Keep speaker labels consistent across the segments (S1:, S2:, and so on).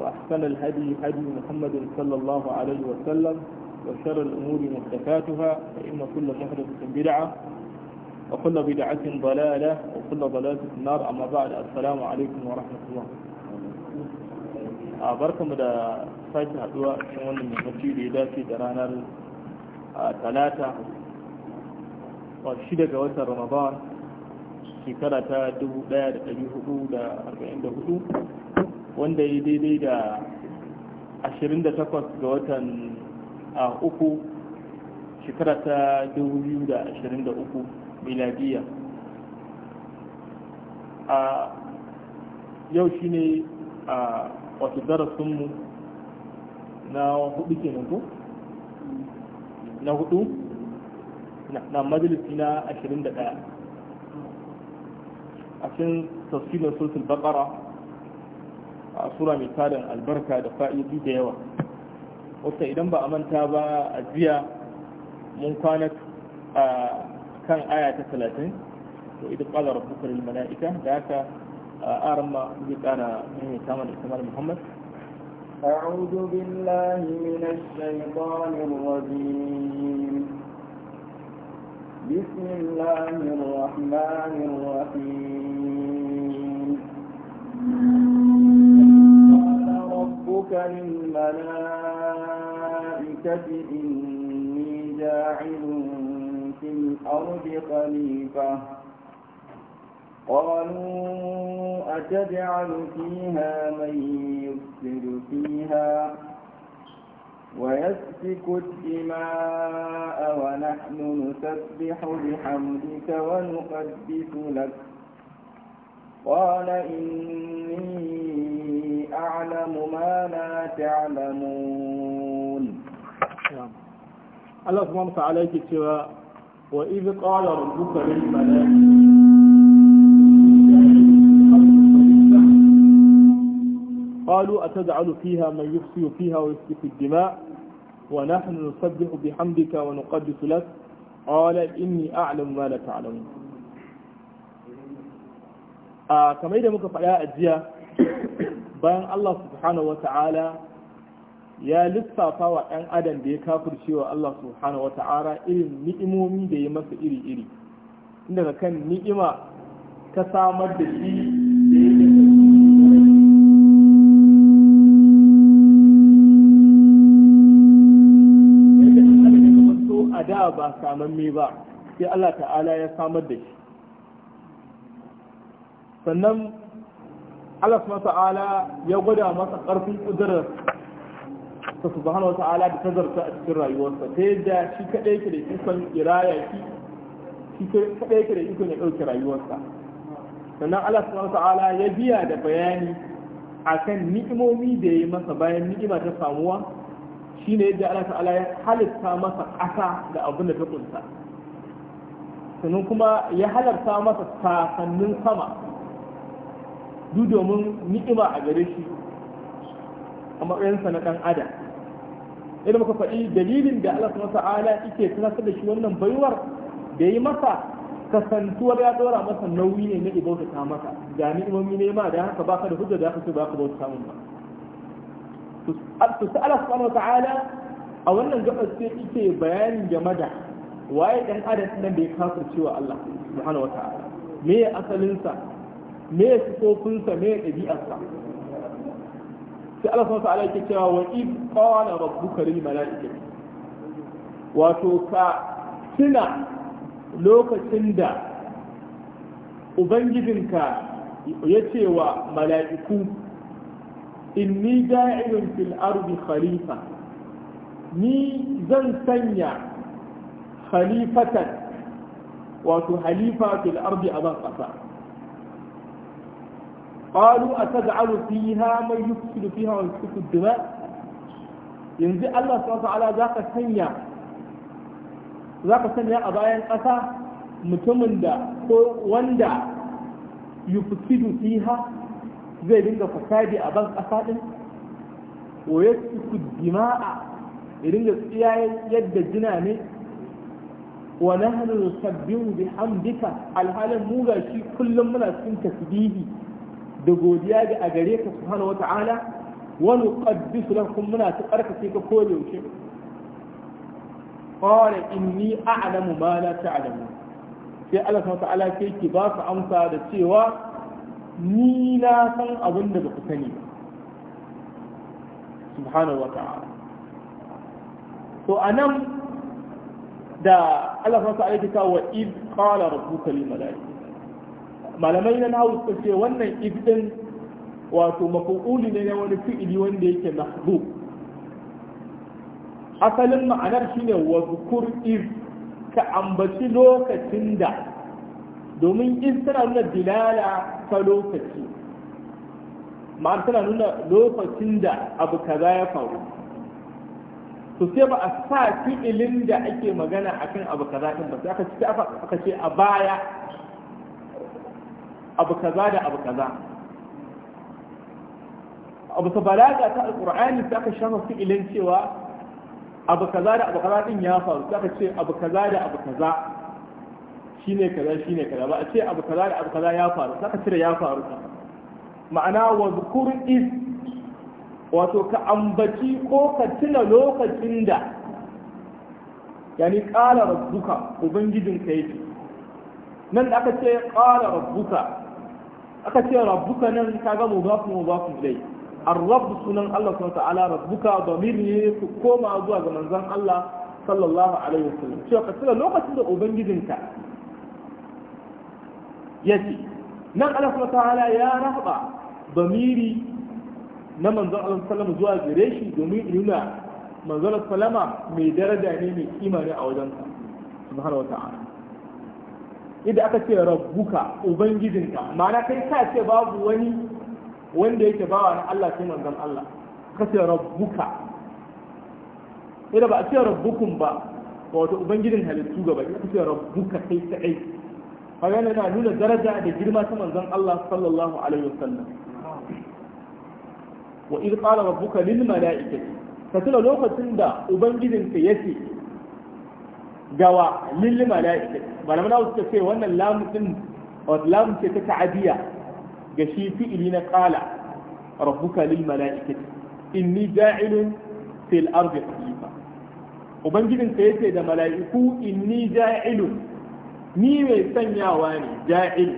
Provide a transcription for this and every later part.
S1: وأحسن الهدي هدي محمد صلى الله عليه وسلم وشر الأمور محدثاتها فإن كل محدثة بدعة وكل بدعة ضلالة وكل ضلالة في النار أما بعد السلام عليكم ورحمة الله أبركم إلى ساكي هدوى شمون من مسجد في درانا الثلاثة والشدة جوات رمضان في ثلاثة دبو دا دا أربعين دا wanda ya daidai da 28 ga watan a uku shekara ta 2023 miladiya a yau shi ne a wata darasinmu na hudu ke ko? na hudu na majalisi na 21 a cikin tafsirin sosul bakara a sura mai tarin albarka da fa'idi da yawa wata idan ba a manta ba a jiya mun kwana a kan aya ta talatin to idan ƙwazar rabbuka lil mala'ika da haka a aran ma zai ƙara mai samun ismar muhammad أعوذ بالله من الشيطان
S2: الرجيم بسم الله الرحمن الرحيم
S1: ربك للملائكة إني جاعل في الأرض خليفة قالوا أتجعل فيها من يفسد فيها ويسفك الدماء ونحن نسبح بحمدك ونقدس لك قال إني أعلم ما لا تعلمون نعم. الله سبحانه وتعالى كتبا وإذ قال ربك للملائكة قالوا أتجعل فيها من يفسي فيها ويسفك الدماء ونحن نسبح بحمدك ونقدس لك قال إني أعلم ما لا تعلمون آه، كما إذا مكفأ يا أجياء bayan Allah subhanahu wata'ala ya lissafa wa ɗan adam da ya kafirce wa Allah subhanahu wata'ala irin ni'imomi da ya masa iri-iri inda daga kan ni'ima ta samar da shi a da ba samamme ba sai Allah ta'ala ya samar da shi sannan Allah subhanahu wata'ala ya gwada masa ƙarfin ƙudurar ta subhanahu wata'ala da tazarta a cikin rayuwarsa ta yadda shi kaɗai yake da ikon iraya shi shi kaɗai yake da ikon ya ɗauki rayuwarsa sannan Allah subhanahu wata'ala ya biya da bayani akan ni'imomi da ya yi masa bayan ni'ima ta samuwa shi ne yadda Allah ta'ala ya halitta masa ƙasa da abin da ta ƙunsa sannan kuma ya halarta masa sasannin sama du domin ni'ima a gare shi a matsayinsa na ɗan ada, idan muka faɗi dalilin da Allah subhanahu wata'ala yake tunasar da shi wannan baiwar da yi masa kasantuwar ya dora masa nauyi ne na ibautata masa, ga ni'imomi ne ma da haka baka da hujja da haka ce ba ka bauta mun ba to sai Allah subhanahu wata'ala a wannan gabas sai yake bayanin game da waye dan adam nan da ya cewa Allah subhanahu wata'ala me sa. me ya sifofinsa me ya ɗabi'arsa sai Allah subhanahu ta'ala yake cewa wa id qala Rabbu lil mala'ikati wato ka tuna lokacin da ubangijinka ya ce wa mala'iku inni da'ilun fil ardi khalifa ni zan sanya khalifatan wato halifa fil ardi a ban ƙasa قالوا أتجعل فيها من يفسد فيها ويسفك الدماء yanzu Allah subhanahu ka sanya za ka sanya a bayan ƙasa mutumin da ko wanda yufsidu fiha zai dinga fasadi a ban ƙasa din wa yasfiku dima'a ya dinga tsiyayen yadda jina ne wa nahnu nusabbihu bihamdika alhalin mu kullum muna cikin tasbihi da godiya ga a gare ka subhanahu wata'ala wa nuqaddisu lakum muna ta karkace ka ko yaushe qala inni a'lamu ma la ta'lamu sai Allah subhanahu wata'ala sai ki ba su amsa da cewa ni na san abin da ku sani ba subhanahu wata'ala to anan da Allah subhanahu wata'ala ya ce wa id qala rabbuka lil malaikati malamai na nahu suka ce wannan ibdin wato mafu'uli ne na wani fi'ili wanda yake mahdu asalin ma'anar shine wa zukur if ka ambaci lokacin da domin in tana nuna dilala ta lokaci ma'an tana nuna lokacin da abu kaza ya faru to sai ba a sa fi'ilin da ake magana akan abu kaza din ba sai aka ce a baya abu kaza da abu kaza abu ta balaga ta alqur'ani sai ka shafa fi'ilin cewa abu kaza da abu kaza din ya faru sai ka ce abu kaza da abu kaza shine kaza shine kaza ba a ce abu kaza da abu kaza ya faru sai ka cire ya faru ma'ana wa zukur is wato ka ambaci ko ka tuna lokacin da yani ƙala rabbuka ubangijinka yake nan da aka ce ƙala rabbuka aka ce rabbuka nan kaga mudafun mudafun dai ar-rabb sunan Allah subhanahu ta'ala rabbuka damir ne ku koma zuwa ga manzon Allah sallallahu alaihi wasallam cewa ka tsira lokacin da ubangijinka yace nan Allah subhanahu ta'ala ya rahba damiri na manzon Allah sallallahu zuwa gare shi domin nuna manzon sallama mai daraja ne mai kima ne a wajen subhanahu wa ta'ala Idan aka ce rabbuka ubangijinka ma'ana kai ka ce babu wani wanda yake bawa na Allah sai manzon Allah ka ce rabbuka idan ba a ce rabbukum ba wato ubangijin halittu gaba ya ce rabbuka kai kadai kaga yana nuna daraja da girma ta manzon Allah sallallahu alaihi wasallam wa idh qala rabbuka lil mala'ikati ka tuna lokacin da ubangijinka yake gawa lil mala'ika malaman da suka ce wannan lamu din wato lamu ce ta ta'adiya ga shi fi'ili na qala rabbuka lil mala'ikati inni ja'ilun fil ardi khalifa ubangijin sa yace da mala'iku inni ja'ilun ni mai sanyawa ne ja'il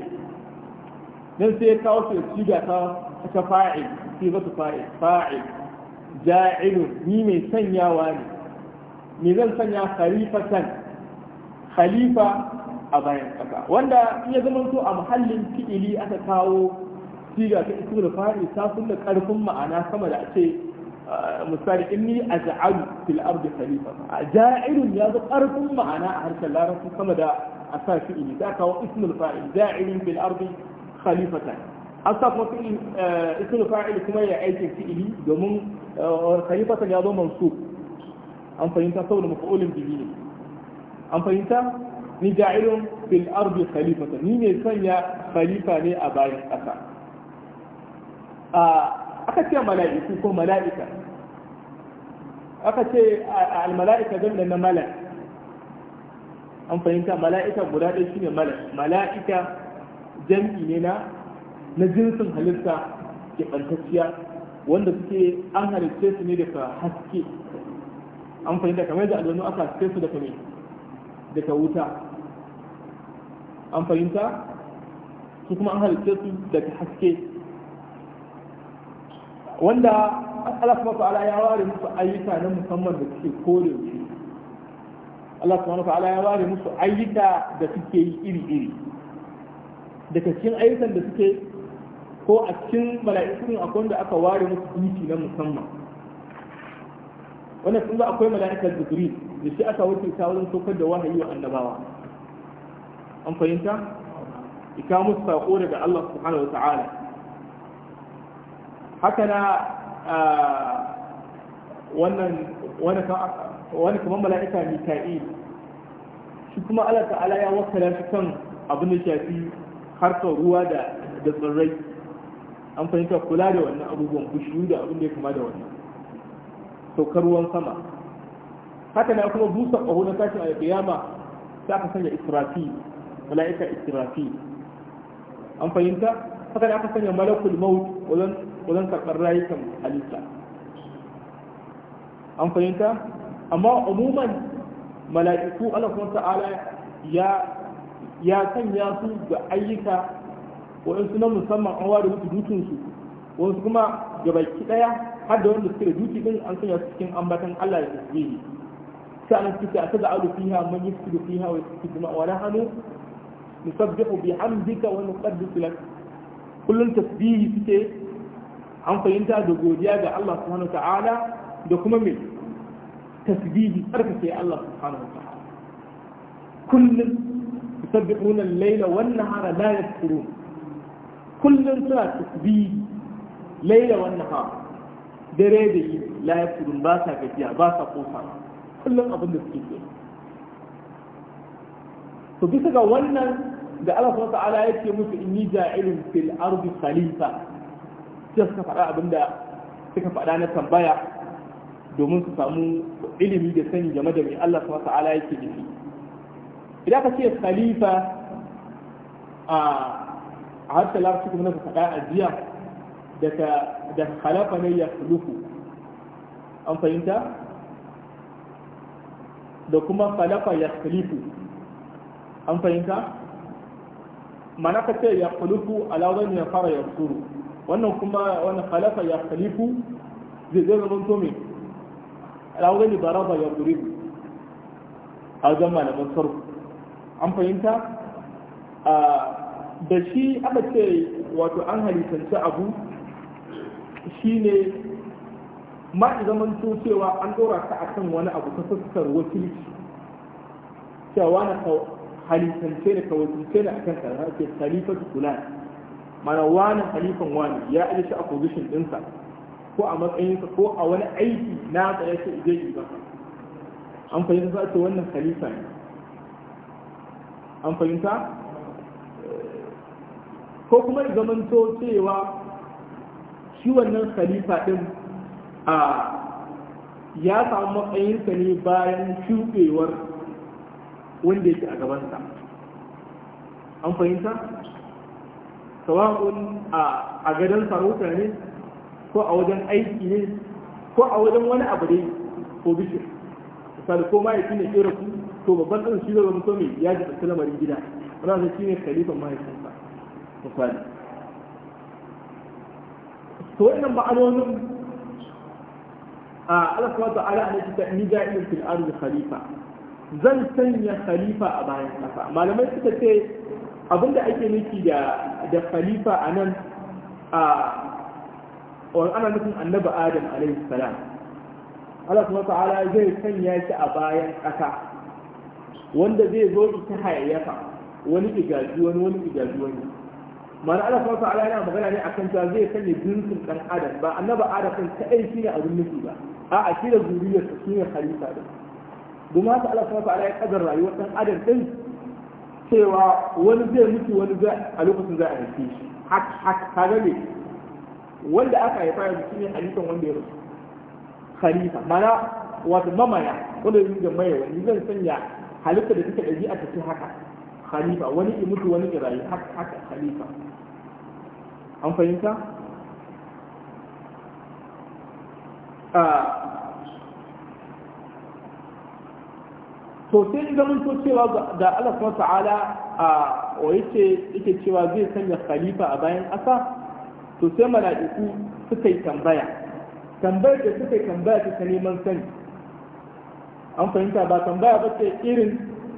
S1: dan sai kawo su shiga ta ta fa'il sai ba su fa'il fa'il ja'ilun ni mai sanyawa ne me zan sanya khalifatan khalifa a bayan ƙasa wanda in ya zama to a muhallin fi'ili aka kawo siga ta ismul fa'il ta kulle karfin ma'ana sama da a ce misali inni aj'alu fil ardi khalifa ja'ilun ya zo karfin ma'ana a harshen larabci sama da a sa fi'ili ta kawo ismul fa'il ja'ilun fil ardi khalifatan an sa kuma fi'il eh, ismul fa'il kuma ya aikin fi'ili domin eh, khalifatan ya zo mansub an fahimta saboda mafa'ulin bihi ne an fahimta ni ja'ilun fil ardi khalifata ni ne sanya khalifa ne a bayan ƙasa a aka ce mala'iku ko mala'ika aka ce al mala'ika zan na mala'ika an fahimta mala'ika guda ɗaya shine mala'ika mala'ika jam'i ne na na jinsin halitta ke ɓantacciya wanda suke an halitta su ne daga haske an fahimta kamar da aljanu aka kai su daga mai daga wuta an fahimta su kuma an halitta su daga haske wanda Allah kuma ta'ala ya ware musu ayyuka na musamman da suke kore su Allah kuma ta'ala ya ware musu ayyuka da suke yi iri-iri daga cikin ayyukan da suke ko a cikin mala'ikun akwai wanda aka ware musu duki na musamman wannan sun zo akwai mala'ikar jibril da shi aka wuce ta wurin tokar da wahayi wa annabawa an fahimta ika musu sako daga Allah subhanahu wata'ala haka na wannan wani kamar mala'ika mika'il shi kuma Allah ta'ala ya wakala shi kan abin da shafi harkar ruwa da tsirrai an fahimta kula da wannan abubuwan kushiyu da abin da ya kama da wannan saukar ruwan sama haka na kuma busa ƙaho na tashin alƙiyama sai aka sanya israfi mala'ika israfi an fahimta haka da aka sanya malakul maut wajen karɓar rayukan halitta an fahimta amma umuman mala'iku Allah kuma ta'ala ya ya sanya su ga ayyuka waɗansu na musamman an ware musu dutunsu wasu kuma ga baki ɗaya har da wanda suka da duki din an sanya su cikin ambatan Allah da tasbihi sa'an suke a tada alu fiha man yusbihu fiha wa yusbihu ma wala hanu nusabbihu bihamdika wa nuqaddisu lak kullun tasbihi suke an fahimta da godiya ga Allah subhanahu ta'ala da kuma me tasbihi tsarka tsarkake Allah subhanahu ta'ala kullun yusabbihuna al-layla wan nahara la yaskurun kullun suna tasbihi layla wan nahara dare da yi la kudin ba sa gajiya ba sa kosa kullum abin da suke yi to bisa ga wannan da Allah subhanahu ta'ala yake musu inni ja'ilun fil ardi khalifa sai suka faɗa abinda suka faɗa na tambaya domin su samu ilimi da sani game da mai Allah subhanahu ta'ala yake nufi idan ka ce khalifa a harshen larabci kuma na faɗa a jiya da khalafa ne ya hulufu an fahimta da kuma khalafa ya hulufu an fahimta mana ka ce ya hulufu alawar ya fara ya suru wannan kuma wani khalafa ya hulufu zai zai zama tome alawar ya baraba ya guribu a zama da masarku an fahimta da shi aka ce wato an halittanci abu ne ma zaman cewa an dora ka kan wani abu ta fuskar wakilci cewa na ka halittance da ka wakilce da akan ka ake halifatu kula mana wani halifan wani ya aje shi a position ɗinsa ko a matsayinsa ko a wani aiki na tsaye shi zai yi ba an fahimta za ce wannan halifa ne an fahimta ko kuma zaman cewa shi wannan khalifa din a ya samu matsayinsa ne bayan shuɗewar wanda yake a gabansa an fahimta sawa'un a gadon sarauta ne ko a wajen aiki ne ko a wajen wani abu ne ko bishir misali ko mahaifi ne kera ku to babban ɗan shi zama mutum ya ji lamari gida wani shi ne khalifan mahaifinsa misali to wannan ma'anonin a Allah subhanahu ta'ala ne ta ni ja'ilun fil ardi khalifa zan sanya khalifa a bayan kafa malamai suka ce abinda ake nufi da da khalifa nan, a wani ana nufin annabi adam alaihi salam Allah kuma ta'ala zai sanya shi a bayan ƙasa wanda zai zo ita hayayyafa wani igaji wani wani igaji wani mana Allah subhanahu ta'ala yana magana ne akan ta zai sanya jinsin dan adam ba annaba adam kan ne a abin nufi ba a'a shi da zuriyarsa ne khalifa din domin haka Allah subhanahu ta'ala ya kadar rayuwar dan adam din cewa wani zai mutu wani zai a lokacin za a haife shi hak hak kaga ne wanda aka haifa yanzu shine halifan wanda ya rasu khalifa mana wato mamaya wanda yake da mai wani zan sanya halitta da take ɗabi'a ta ce haka khalifa wani imutu wani irayi haka khalifa an fahimta to sai in zama so cewa da Allah kuma ta'ala a wa yake yake cewa zai sanya khalifa a bayan ƙasa to sai mala'iku suka yi tambaya tambayar da suka yi tambaya ta neman sani an fahimta ba tambaya ba ce irin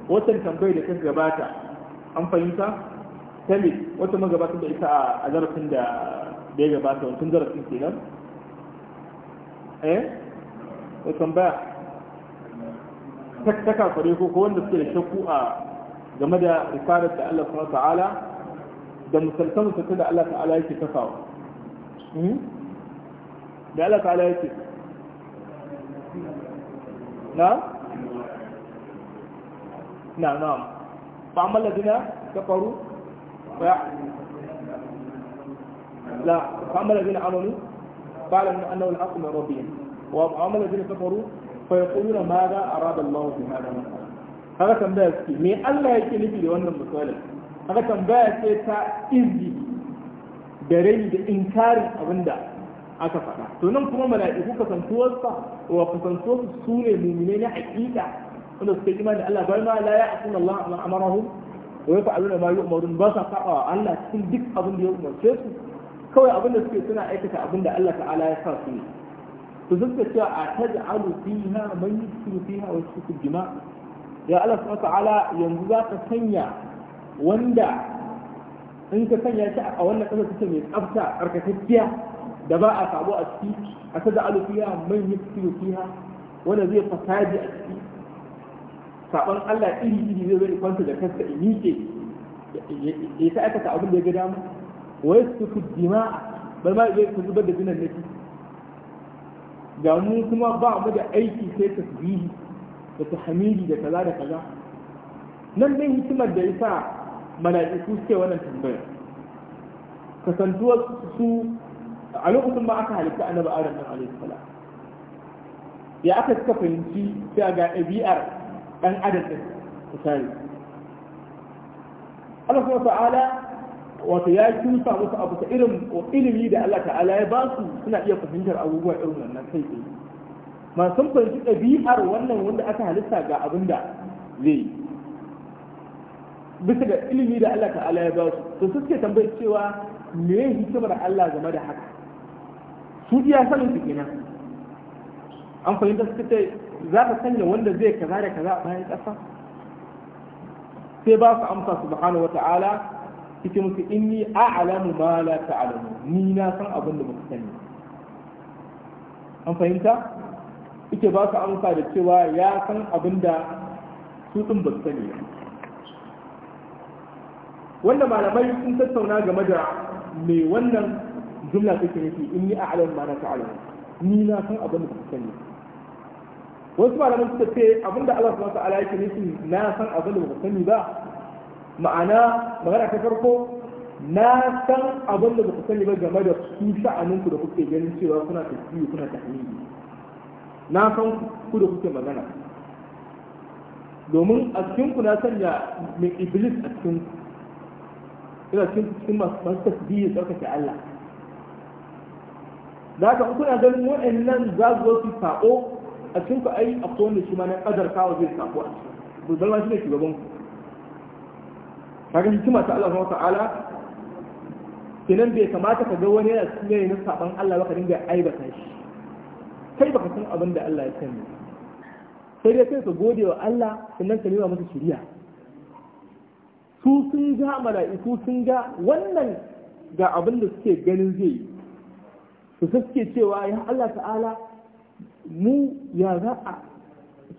S1: watan tambayar da ta gabata an fahimta sami wata magabatar da ita a zarafin da ya gabata wancan zarafin ke nan eh tambaya ta kafare ko wanda suke da shakku a game da rikarar da Allah subhanahu ta'ala da musamman musalta da Allah ta'ala yake kafawa hmm? da Allah ta'ala yake na na na fa'amal ta faru. لا فأما الذين عملوا فاعلموا أنه الحق من ربهم وأما الذين كفروا فيقولون ماذا أراد الله في هذا مثلا هذا كان بس من الله yake nufi لون wannan هذا كان tambaya ce ta izi da aka faɗa to nan kuma mala'iku ka san kasantuwarsa wa ka kasantuwarsu su ne mu'minai na haƙiƙa wanda suka imani da Allah bai ma la ya'tuna Allah ma amarahu wa ya fa'aluna ma yu'marun ba sa saba wa Allah cikin duk abin da ya umarce su kawai abin da suke suna aikata abin da Allah ta'ala ya sa su ne to suka cewa a taj'alu fiha man yusiru fiha wa yusriku jima ya Allah subhanahu ta'ala yanzu za ka sanya wanda in ka sanya shi a wannan kasar take mai tsafta karkatacciya da ba a sabo a ciki a taj'alu fiha man yusiru fiha wanda zai fasaji a ciki saban Allah iri iri zai zai kwanta da kansa in yike ya ta aikata abin da ya ga dama wa yasfiku dima'a bar ma zai ku zubar da dinan nake ga mu kuma ba mu da aiki sai ta tasbihi da ta hamidi da kaza da kaza nan dai hikimar da yasa mala'iku suke wannan tambaya kasantuwar su a lokacin ba aka halitta annabi adam din alaihi salam ya aka suka fahimci sai ga
S2: ɗabi'ar
S1: dan adam din misali Allah subhanahu ta'ala wato ya kimsa musu abu ta irin ilimi da Allah ta'ala ya ba su suna iya fahimtar abubuwa irin wannan kai tsaye ma sun fahimci ɗabi'ar wannan wanda aka halitta ga abin da zai yi bisa ga ilimi da Allah ta'ala ya ba su to suke tambayar cewa me ya hikimar Allah game da haka su iya sanin su kenan an fahimta suka ce za ka sanya wanda zai kaza da kaza a bayan ƙasa sai ba su amsa subhanahu wata'ala cikin musu inni a'lamu ma la ta'lamu ni na san abin da muka sani an fahimta ike ba su amsa da cewa ya san abin da su din ba sani wanda malamai sun tattauna game da me wannan jumla take nufi inni a'lamu ma la ta'lamu ni na san abin da muka sani wasu da suka ce abinda Allah subhanahu ta'ala yake nufi na san abin da ba sani ba ma'ana magana ta farko na san abin da ba sani ba game da su sha'anin ku da kuke ganin cewa kuna tafiyu kuna tahmidi na san ku da kuke magana domin a cikin ku na sanya mai iblis a cikin ku ina cikin cikin masu tasbiyi tsarkake Allah da haka kuna ganin waɗannan za su zo su a cikin ku ai akwai wanda shi ma na kadar kawo zai tafi a cikin ku zalma shi ne shugaban ku kaga hikima ta Allah subhanahu ta'ala kenan bai kamata ka ga wani yana cikin yayin saban Allah ba ka dinga aibata shi kai baka san abin da Allah ya sani sai dai kai ka gode wa Allah sannan ka nema masa shiriya su sun ga mala'iku sun ga wannan ga abin da suke ganin zai yi su suke cewa ya Allah ta'ala mu ya za a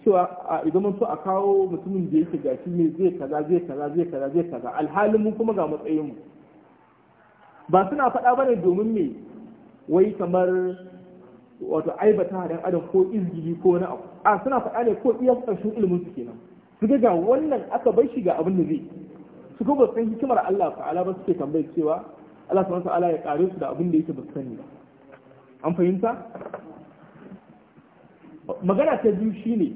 S1: cewa a idan so a kawo mutumin da yake gashi mai zai kaza zai kaza zai kaza zai kaza alhalin mu kuma ga matsayin mu ba suna faɗa ba ne domin me wai kamar wato aibata dan adam ko izgili ko wani abu a suna faɗa ne ko iya ƙarshen ilimin su kenan su ga wannan aka bar shi ga abin da zai su ga san hikimar Allah ta'ala ba suke tambayar cewa Allah subhanahu wa ta'ala ya kare su da abin da yake ba sani ba an fahimta magana ta biyu shine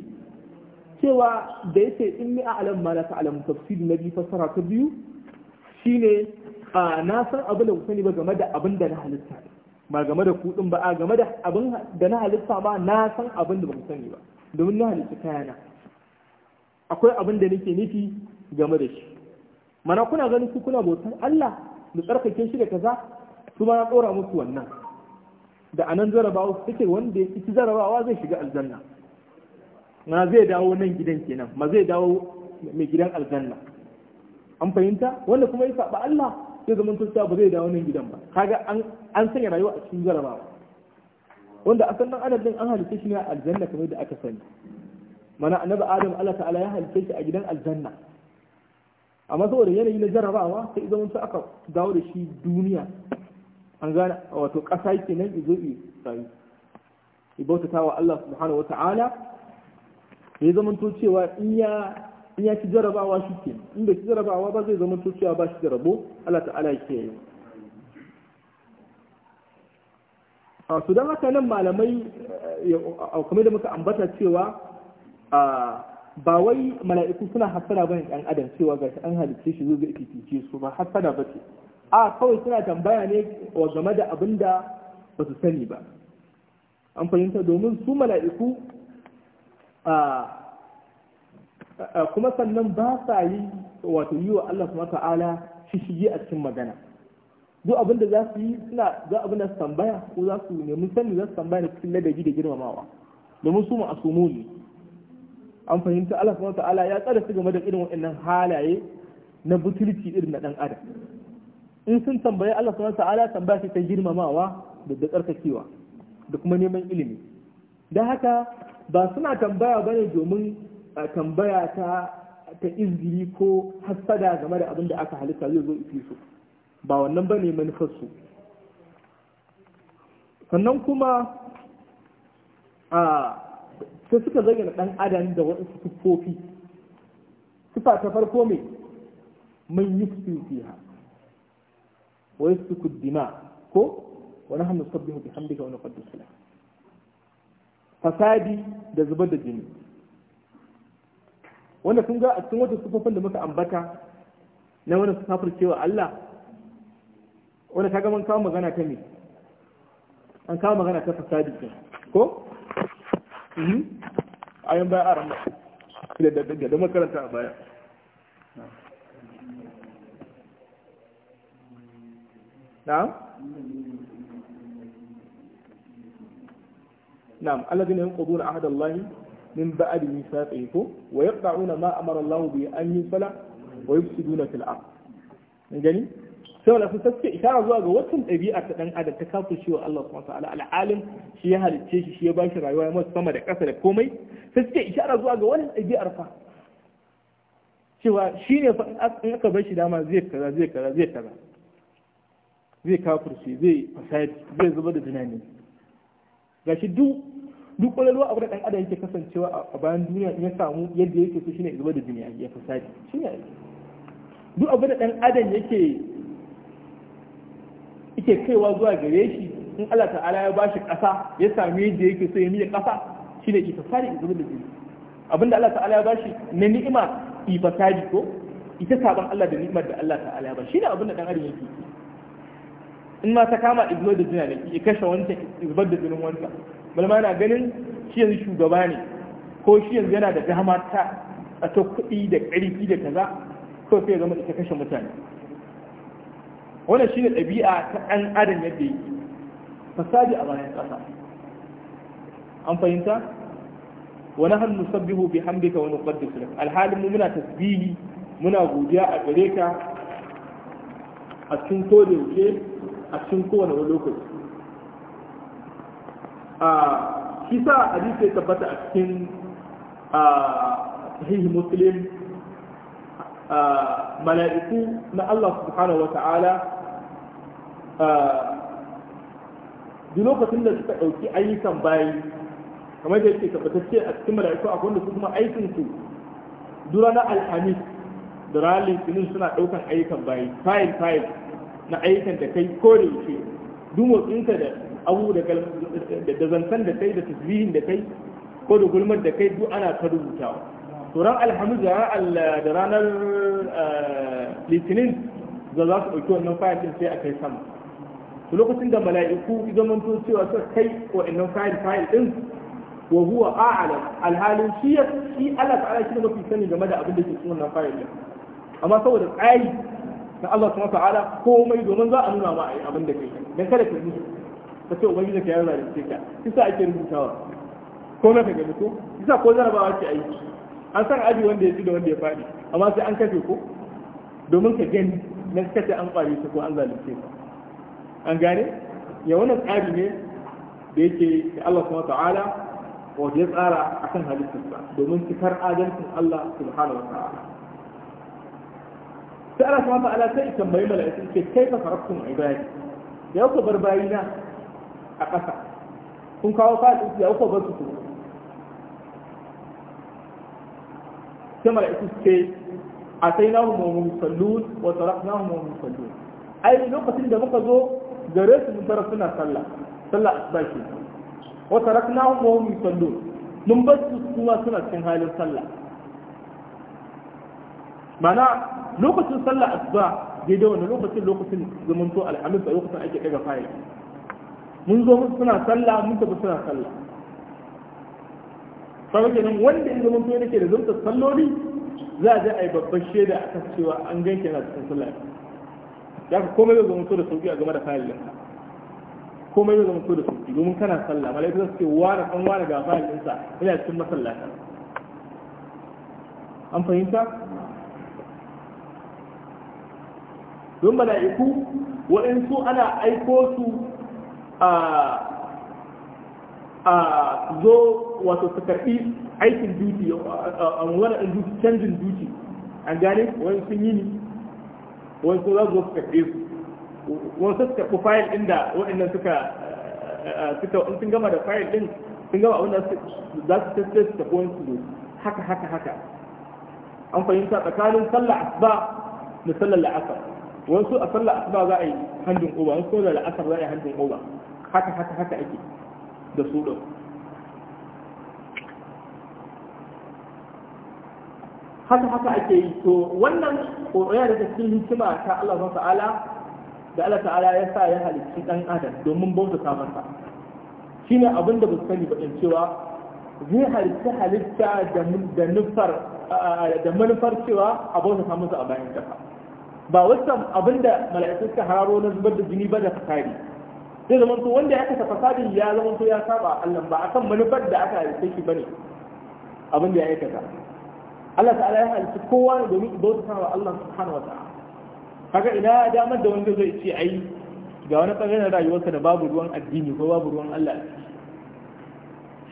S1: cewa da ya yace a a'lam ma ta alam tafsir biyu fasara ta biyu shine na san abin da ku sani ba game da abin da na halitta ba game da kudin ba a game da abin da na halitta ba na san abin da ba ku sani ba domin na halitta kayana akwai abin da nake nufi game da shi mana kuna ganin su kuna bautar Allah da tsarkake shi da kaza su ma na tsora musu wannan da anan jarabawa take wanda ya ci jarabawa zai shiga aljanna na zai dawo nan gidan kenan ma zai dawo mai gidan aljanna an fahimta wanda kuma ya saba Allah zai zama tunta ba zai dawo nan gidan ba kaga an an sanya rayuwa a cikin jarabawa wanda a sannan adadin an halitta shi ne a aljanna kamar da aka sani mana annabi adam Allah ta'ala ya halitta shi a gidan aljanna amma saboda yanayi na jarabawa sai su aka dawo da shi duniya an gane wato ƙasa kenan izo i rayu ibautata wa Allah subhanahu wata'ala ya to cewa in ya in ya ci jarabawa shi ke in bai ci jarabawa ba zai to cewa ba shi jarabo Allah ta'ala ya yi a su don haka nan malamai eh, kamar da muka ambata cewa ba wai mala'iku suna hasara bane ɗan adam cewa ga an halitta shi zo ga ikikice su ba hasara ba ce a kawai suna tambaya ne game da abin da ba su sani ba an fahimta domin su mala'iku kuma sannan ba sa yi wato yi wa Allah kuma ta'ala shishigi a cikin magana duk abin da za su yi suna za abin da su tambaya ko za su nemi sani za su tambaya da cikin ladabi da girmamawa domin su ma'asumu ne an fahimta Allah kuma ta'ala ya tsara su game da irin waɗannan halaye na butulci irin na ɗan adam in sun tambaye Allah subhanahu ala tambaya shi ta girmamawa da tsarkakewa da kuma neman ilimi da haka ba suna tambaya bane domin tambaya ta ta izgiri ko hassada game da abin da aka halitta zai zo ifi su ba wannan bane manufar sannan kuma a sai suka zayyana ɗan adam da su siffofi sifa ta farko mai mun yi fiha wa yasfiku dima ko wa nahnu nusabbihu bihamdika wa ده lak fasadi da zubar da jini wanda kun ga a cikin wata sufofin da muka ambata na wani safar cewa Allah wanda kawo magana ta me an kawo magana ta fasadi ko mhm. ayan baya a ranar da makaranta a baya na'am na'am alladhina yanquduna ahda Allah min ba'd mithaqihi ko wa yaqta'una ma amara Allah bi an yusala wa yufsiduna fil ard gani sai wala sun sace zuwa ga watan ɗabi'a ɗan adam ta kafu wa Allah subhanahu ta'ala al'alim shi ya halicce shi shi ya bashi rayuwa ya masa sama da ƙasa da komai sai suke isharar zuwa ga wannan ɗabi'ar fa cewa shine fa in aka bar shi dama zai kaza zai kaza zai kaza zai kafirce zai fasadi zai zuba da tunani shi duk duk kwalalwa abu da ɗan adam yake kasancewa a bayan duniya in ya samu yadda yake so shine zuba da duniya ya fasadi shine duk abu da ɗan adam yake yake kaiwa zuwa gare shi in Allah ta'ala ya bashi ƙasa ya samu yadda yake so ya miƙa ƙasa shine ki fasadi zuba da duniya abinda Allah ta'ala ya bashi na ni'ima i fasadi ko ita sabon Allah da ni'imar da Allah ta'ala ya bashi shine abin da ɗan adam yake in ma ta kama izuwa da jina ne ya kashe wancan zubar da jinin wancan balma na ganin shi yanzu shugaba ne ko shi yanzu yana da dama ta a ta kuɗi da ƙarfi da kaza ko sai ya zama ita kashe mutane wannan shine ɗabi'a ta ɗan adam yadda yake fasadi a bayan ƙasa an fahimta wa nahnu nusabbihu bihamdika wa nuqaddisu lak alhalin mu muna tasbihi muna godiya a gare ka a cikin kodayaushe a cikin kowane lokaci a shi sa hadisi ya tabbata a cikin sahihi muslim mala'iku na Allah subhanahu wa ta'ala duk lokacin da suka ɗauki ayyukan bayi kamar da yake tabbatacce a cikin mala'iku akwai wanda su kuma aikin su duk ranar alhamis da ranar litinin suna ɗaukan ayyukan bayi fayil fayil na ayyukan da kai ko da yake duk motsinka da abu da da zantan da kai da tasbihin da kai ko da gulmar da kai duk ana ta rubutawa to ran alhamdu da ranar eh, litinin da za su ɗauki wannan fayil ɗin sai a kai sama to lokacin da mala'iku idan mun to cewa suka kai wa wa'annan fayil fayil ɗin wa huwa a'lam alhalin shi shi Allah ta'ala shi mafi sani game da abin da ke cikin wannan fayil ɗin amma saboda tsari na Allah subhanahu ta'ala komai domin za a nuna ma ai abin da kai dan kada ka musu ka ce da ka yarda ce ka kisa ake rubutawa ko na kaga ko kisa ko jarabawa ce ai an san aji wanda ya ci da wanda ya fadi amma sai an kafe ko domin ka gani na kace an kware su ko an zalunce ka an gane ya wannan tsari ne da yake da Allah subhanahu ta'ala wato ya tsara akan halittarsa domin cikar adalcin Allah subhanahu wa ta'ala sai ta subhanahu ala sai tambayi mala'iku ke kai ka faraktum ibadi ya ku bar bayina a ƙasa kun kawo fadin ya ku bar su sai mala'iku sai na wa hum sallu wa taraknahum wa hum sallu ai lokacin da muka zo gare su mun tara suna sallah sallah asuba ke wa taraknahum wa hum sallu mun bar su kuma suna cikin halin sallah mana lokacin sallah asuba da wani lokacin lokacin to alhamis a lokacin ake daga fayi mun zo mun suna sallah mun tafi suna sallah sau kenan wanda in to yake da zumta salloli za a je a yi babban shaida a kan cewa an ganke na cikin sallah ya ka komai zaman to da sauki a game da fayil din. komai zaman to da sauki domin kana sallah malaikatu za su ce wani an wani ga din sa ina cikin masallata an fahimta don mala'iku waɗansu ana aiko su a zo wato su karɓi aikin duty a wani duty canjin duty an gane wani sun yi ni wani sun za su su karɓe su wani sun karɓi fayil ɗin da waɗannan suka suka sun gama da fayil ɗin sun gama abin da za su tattara su tafi wani su haka haka haka an fahimta tsakanin sallah asuba da sallar la'asar wasu a sallar asuba za a yi hannun uba wasu ko da la'asar za a yi hannun uba haka haka haka ake da su ɗau, haka haka ake yi to wannan ƙoƙoya da cikin hikima ta Allah ta'ala da Allah ta'ala ya sa ya halicci ɗan adam domin bauta bautata masa ne abin da ba sani ba cewa zai halicci halitta da manufar cewa a bautata masa a bayan jafa ba abin abinda mala'ikun suka hararo na zubar da jini ba da fasadi sai zaman to wanda ya kasa fasadin ya zaman to ya saba Allah ba akan manufar da aka halitta shi bane abin da ya aikata Allah ta'ala ya halitta kowa ne domin bauta wa Allah subhanahu wa ta'ala kaga ina damar da wanda zai ce ai ga wani bangaren rayuwarsa da babu ruwan addini ko babu ruwan Allah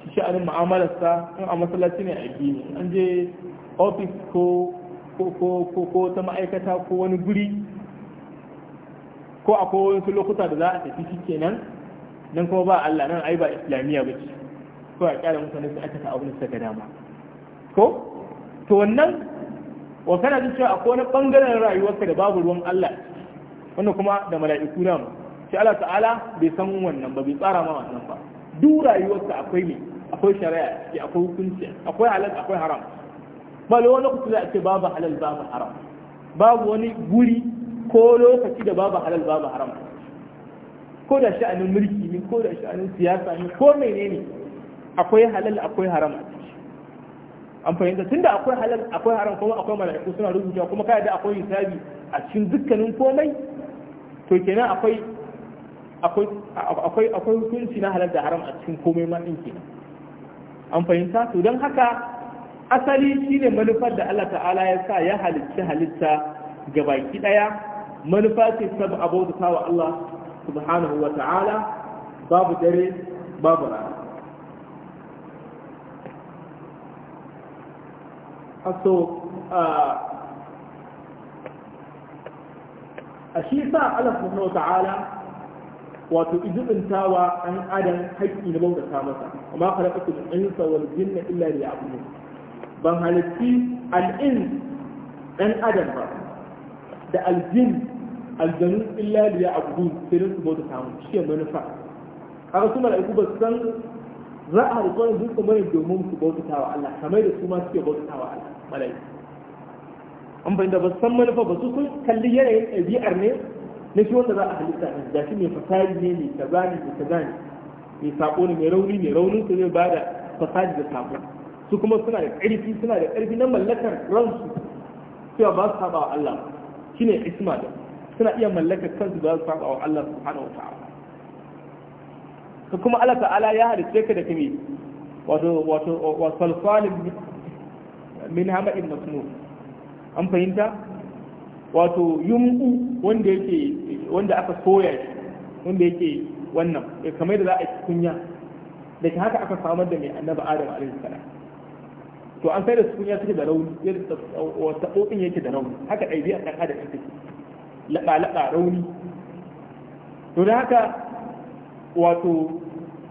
S1: shi sha'anin mu'amalarsa in a masallaci ne addini an je ofis ko ko ta ma'aikata ko wani guri ko a ko wani lokuta da za a tafi shi ke nan kuma ba Allah nan ai ba islamiyya ba ce ko a kyara mutane su aikata abin su ga dama ko to wannan wa kana jin cewa akwai wani bangaren rayuwarka da babu ruwan Allah wanda kuma da mala'iku na mu shi Allah ta'ala bai san wannan ba bai tsara ma wannan ba duk rayuwarka akwai ne akwai shari'a akwai hukunci akwai halal akwai haram ba Wani kusa da ake babu halal babu haram babu wani guri ko lokaci da babu halal babu haram ko da sha'anin mulki ne ko da sha'anin siyasa ne ko menene akwai halal akwai haram a cikin, an fahimta tunda akwai halal akwai haram kuma akwai mala'iku suna rubuta kuma kai da akwai hisabi a cikin dukkanin komai to kenan akwai akwai akwai akwai hukunci na halal da haram a cikin komai ma din kenan an fahimta to don haka asali shine manufar da Allah ta'ala ya sa ya halitta halitta ga baki daya manufa ce ta abota wa Allah subhanahu wa ta'ala babu dare babu rana so a shi sa Allah subhanahu wa ta'ala wato izubintawa an adam haƙƙi na bauta masa amma khalaqatul insa wal jinna illa liya'budun ban halitti al'in ɗan adam ba da aljin aljanu illa liya abu sai da su bauta samu shi manufa haka su mala'iku ba su san za a alƙawarin duk kuma domin su bautata wa Allah kamar da su ma suke bautata wa Allah mala'iku an bai da ba san manufa ba su sun kalli yanayin ɗabi'ar ne na shi wanda za a halitta ne da shi mai fasari ne mai kaza ne mai kaza ne mai saƙo ne mai rauni mai raunin su zai bada fasari da sako su kuma suna da ƙarfi suna da ƙarfi na mallakar ransu cewa ba su saba wa Allah shine isma da suna iya mallakar kansu ba su saba wa Allah subhanahu wata'ala ka kuma Allah ta'ala ya halice ka da kame wato wato wato hama min hamadin masnun an fahimta wato yumbu wanda yake wanda aka soya shi wanda yake wannan kamar da za a yi kunya da haka aka samar da mai annabi adam alaihi salam to an sai da ya suke da rauni yadda taɓoɓin yake da rauni haka a ƙarƙa da ƙarƙa laɓa-laɓa rauni to da haka wato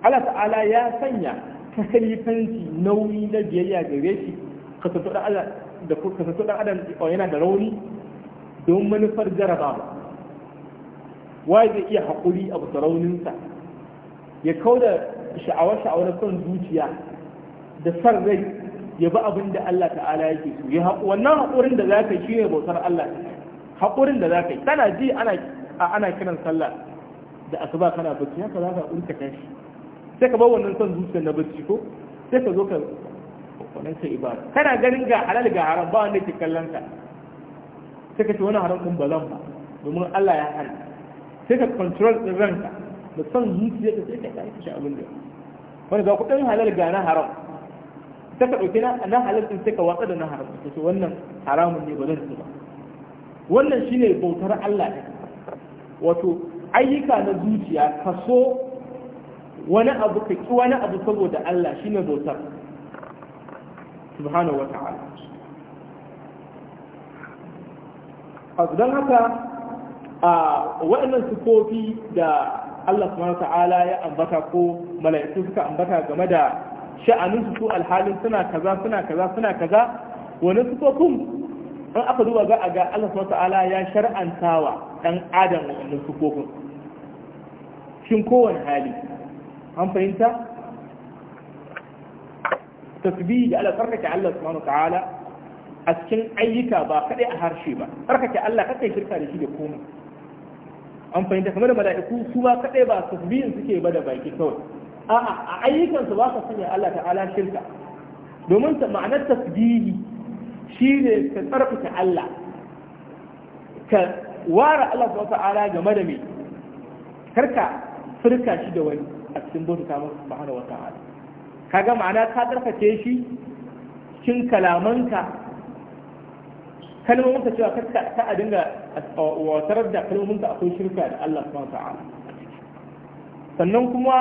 S1: Allah ta'ala ya sanya kalifanci nauyi na biyayya gare shi kasasso ɗan adam oh, yana da rauni don manufar jaraba ba. waye zai iya haƙuri a bisa rauninsa ya kauda sha'awar sha'awar son zuciya da san rai ya bi abin da Allah ta'ala yake so ya wannan haƙurin da za ka yi ne bautar Allah haƙurin da za ka yi Tana ji ana ana kiran sallah da asuba kana bacci haka ka urka tashi sai ka bar wannan son zuciya na bacci ko sai ka zo ka wannan sai ibada kana ganin ga halal ga haram ba wanda ke kallon ka sai ka ce wani haram kun ba ba domin Allah ya hana sai ka control ɗin ranka da son zuciya ka sai ka tashi abin da wani ku ɗan halal ga na haram sai ka ɗauki na halittun sai ka watsa da na haramun ka wannan haramun ne ba zan ba wannan shine bautar Allah ne wato ayyuka na zuciya kaso wani abu ka ki wani abu saboda Allah shine bautar subhanahu wa ta'ala a don haka a waɗannan sufofi da Allah subhanahu wa ta'ala ya ambata ko mala'iku suka ambata game da sha'anin su alhalin suna kaza suna kaza suna kaza wani su ko kun? An aka duba ga a ga Allah subhanahu ta'ala ya shar'antawa dan adam wannan kun. shin kowane hali an fahimta tasbihi da Allah tsarkake Allah subhanahu ta'ala a cikin ayyuka ba kadai a harshe ba tsarkake Allah kakai shirka da shi da komai an fahimta kamar da mala'iku su ba kadai ba tasbihin suke ba da baki kawai a'a a ayyukansu ba ka sanya Allah ta'ala shirka domin ta ma'anar tasbihi shi ne ka tsarkake Allah ka ware Allah subhanahu ta'ala game da me karka firka shi da wani a cikin bauta masa subhanahu ka kaga ma'ana ka tsarkake shi cikin kalamanka kalmomin ka cewa ka a dinga wasarar da kalmomin ta akwai shirka da Allah subhanahu ta'ala sannan kuma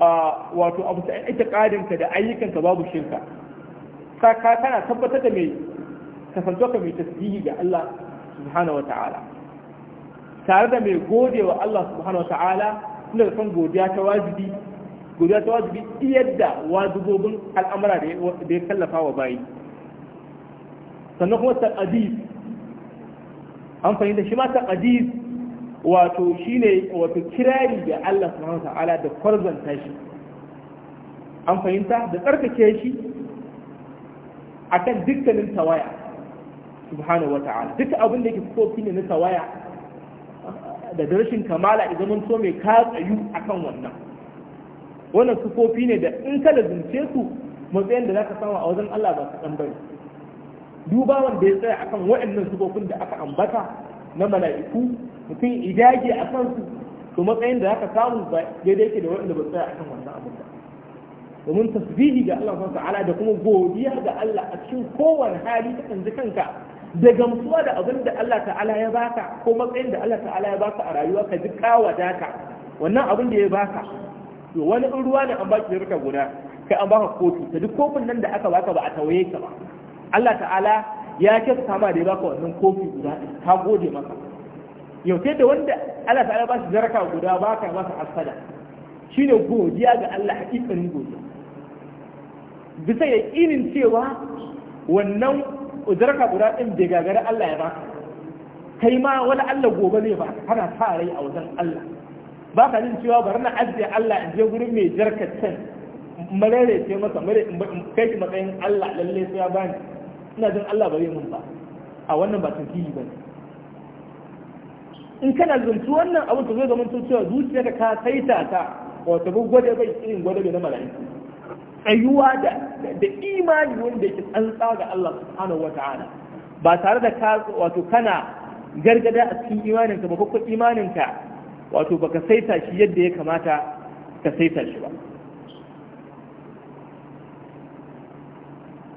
S1: wato abu ta ita ƙarinka da ayyukanka babu shirka ka kana tabbatar da mai kasanto ka mai tasbihi ga Allah subhanahu wata'ala tare da mai gode wa Allah subhanahu wata'ala inda san godiya ta wajibi godiya ta wajibi iyadda wajibobin al'amura da ya kallafa wa bayi sannan kuma taqdis an fahimta shi ma taqdis wato shine wato kirari da Allah subhanahu ta'ala da kwarzanta shi an fahimta da tsarkake shi akan dukkanin tawaya subhanahu wa ta'ala duk abin da yake kofi ne na tawaya da rashin kamala idan mun so mai ka tsayu akan wannan wannan sufofi ne da in ka lazumce su matsayin da za ka samu a wajen Allah ba su dan bari duba wanda ya tsaya akan waɗannan sufofin da aka ambata na mala'iku mutum idage a kan su. to matsayin da haka samu ba daidai ke da waɗanda ba tsaya akan wannan abin ba domin tasbihi ga Allah subhanahu ta'ala da kuma godiya ga Allah a cikin kowane hali ta kanji kanka da gamsuwa da abin da Allah ta'ala ya baka ko matsayin da Allah ta'ala ya baka a rayuwa ka ji kawada ka wannan abin da ya baka to wani in ruwa ne an baki da rika guda kai an baka kofi ta duk kofin nan da aka baka ba a tawaye ka ba Allah ta'ala ya kyauta ma da ya baka wannan kofi guda ka gode maka yau sai da wanda Allah ta'ala ba shi zaraka guda ba ka masa hasada shine godiya ga Allah hakikanin godiya bisa ya irin cewa wannan zaraka guda din bai gagara Allah ya baka kai ma wani Allah gobe zai ba kana sa rai a wajen Allah ba ka jin cewa bari na ajiye Allah in je gurin mai jarkar can marere ce masa mare kai ki matsayin Allah lalle sai ya bani ina jin Allah ba zai mun ba a wannan ba ba bane in kana zunci wannan abin ka zo zama to cewa zuciyarka ka saita ta wato bu gwada bai irin gwada bai na mala'iku tsayuwa da da imani wanda yake tsantsa ga Allah subhanahu wata'ala ba tare da ka wato kana gargada a cikin imaninka ba ko imaninka wato baka saita shi yadda ya kamata ka saita shi ba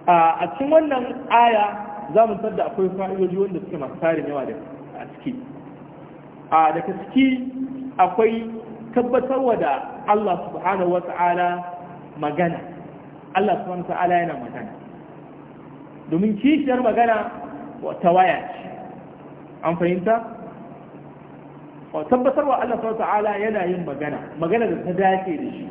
S1: a cikin wannan aya za mu da akwai fa'idoji wanda suke masu tarin yawa da su. a da ciki akwai tabbatarwa da Allah subhanahu wa ta'ala magana Allah subhanahu wa ta'ala yana magana domin kishiyar magana ta waya ce an fahimta tabbatarwa Allah subhanahu wa ta'ala yana yin magana magana da ta dace da shi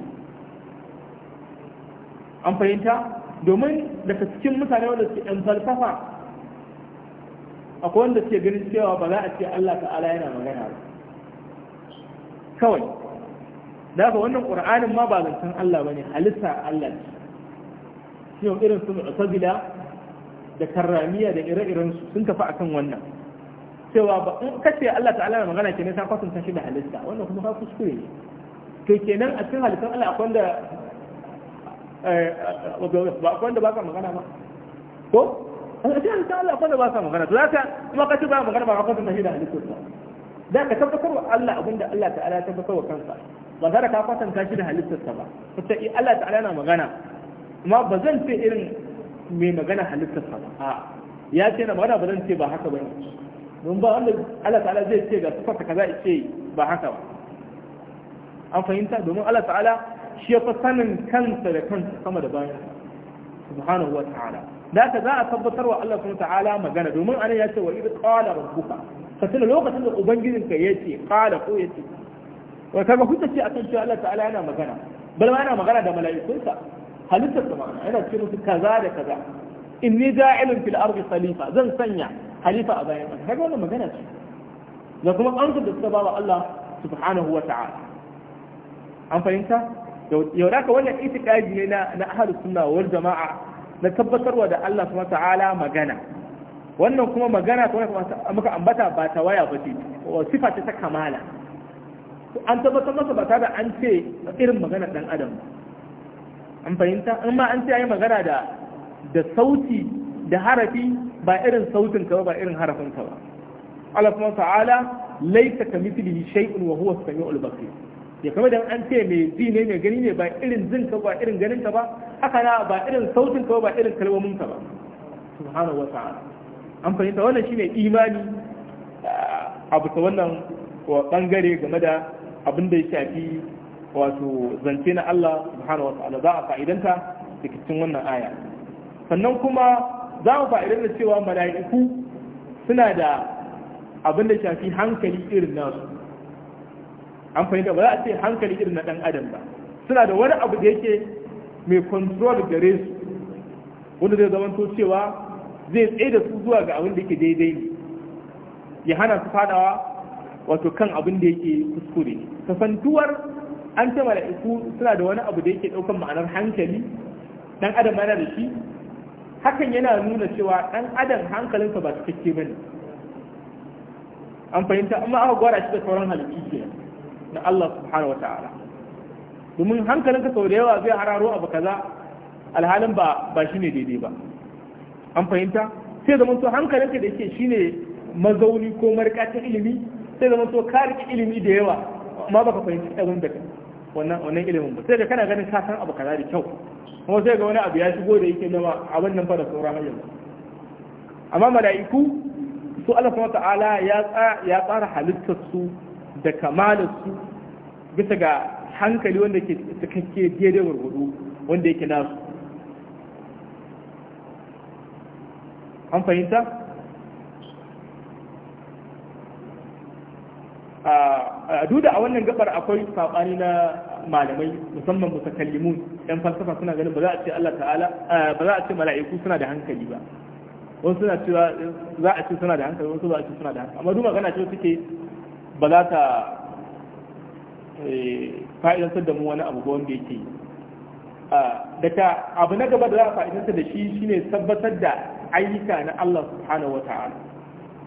S1: an fahimta domin daga cikin mutane wanda suke ɗan falfafa’ akwai wanda suke ganin cewa ba za a ce Allah ta'ala yana magana ba kawai da haka wannan ƙur'anin ma ba zancen Allah ba ne halitta Allah ce shi irin su mu'tazila da karramiya da ire-iren su sun tafi akan wannan cewa ba in ka ce Allah ta'ala yana magana kenan ta kwatanta shi da halitta wannan kuma ka kuskure ne to kenan a cikin halittar Allah akwai wanda ba akwai wanda ba ka magana ba ko a ce an ta Allah ko da ba sa magana to zaka kuma ka ce ba magana ba ka kwatanta shi da halittarsa Da ka tabbatar wa Allah abinda Allah ta'ala ya tabbatar wa kansa ba tare ka kwatanta shi da halittarsa ba ta eh, Allah ta'ala yana magana kuma ba zan ce irin mai magana halittarsa ba a ya ce na magana ba zan ce ba haka ba ne don ba wanda Allah ta'ala zai ce ga sifarsa kaza a ce ba haka ba an fahimta domin Allah ta'ala shi ya fa sanin kansa da kansa sama da bayan subhanahu wa ta'ala da ka za a tabbatar wa Allah subhanahu wa ta'ala magana domin anan ya ce wa idh qala rabbuka ka tuna lokacin da ubangijinka ya ce qala ko ya ce wa kaga kuka ce akan cewa Allah ta'ala yana magana bal ma yana magana da mala'ikunsa halittar ma yana ce musu kaza da kaza inni ja'ilun fil ardi khalifa zan sanya khalifa a bayan ka kaga wannan magana ce da kuma an da suka ba Allah subhanahu wa ta'ala an fahimta yau da wannan itikadi ne na na ahlus sunna wal jama'a na tabbatarwa da Allah subhanahu ta'ala magana wannan kuma magana ta wani muka ambata ba ta waya ba ce sifa ta kamala an tabbatar masa ba ta da an ce irin magana dan adam an fahimta in ma an ce ayi magana da da sauti da harafi ba irin sautin ka ba irin harafin ka ba Allah subhanahu ta'ala laysa kamithlihi shay'un wa huwa as-sami'ul basir ya kama da an ce mai ji ne mai gani ne ba irin zin ka ba irin ganin ka ba haka na ba irin sautin ka ba irin kalmomin ka ba wa ta'ala an fahimta wannan shine imani ah, abu ta wannan bangare game da abin da ya shafi wato zance na Allah wa ta'ala za a fa'idanta da cikin wannan aya sannan kuma za mu da cewa mala'iku suna da abin da shafi hankali irin nasu an fahimta ba za a ce hankali irin na ɗan adam ba suna da wani abu da yake mai control gare su wanda zai zamanto cewa zai tsaye da su zuwa ga abin da yake daidai ne ya hana su fadawa wato kan abin da yake kuskure kasantuwar an ce mala'iku suna da wani abu da yake ɗaukan ma'anar hankali Ɗan adam yana da shi hakan yana nuna cewa ɗan adam hankalinsa ba cikakke bane an fahimta amma aka gwara shi da sauran halittu kenan ta Allah subhanahu wataala domin hankalinka sau da yawa zai hararo abu kaza alhalin ba ba shine daidai ba an fahimta sai zaman to hankalinka da yake shine mazauni ko markacin ilimi sai zaman to ka rike ilimi da yawa amma baka fahimci abin da wannan wannan ilimin ba sai da kana ganin ka san abu kaza da kyau kuma sai ga wani abu ya shigo da yake zama abin nan fa da sauran hanyar amma mala'iku su Allah subhanahu ta'ala ya tsara halittar su da kamalar su bisa ga hankali wanda ke cikakke daidai gurgudu wanda yake nasu an fahimta a duda a wannan gabar akwai saɓani na malamai musamman mutakallimun ɗan falsafa suna ganin ba za a ce Allah ta'ala ba za a ce mala'iku suna da hankali ba wasu suna cewa za a ce suna da hankali wasu ba a ce suna da hankali amma duma gana cewa suke ba za ta Eh, fa'idantar da mu wani abu ga wanda yake ah, daga abu na gaba da za a fa'idansa da shi shi ne tabbatar da ayyuka na Allah subhanahu wa ta'ala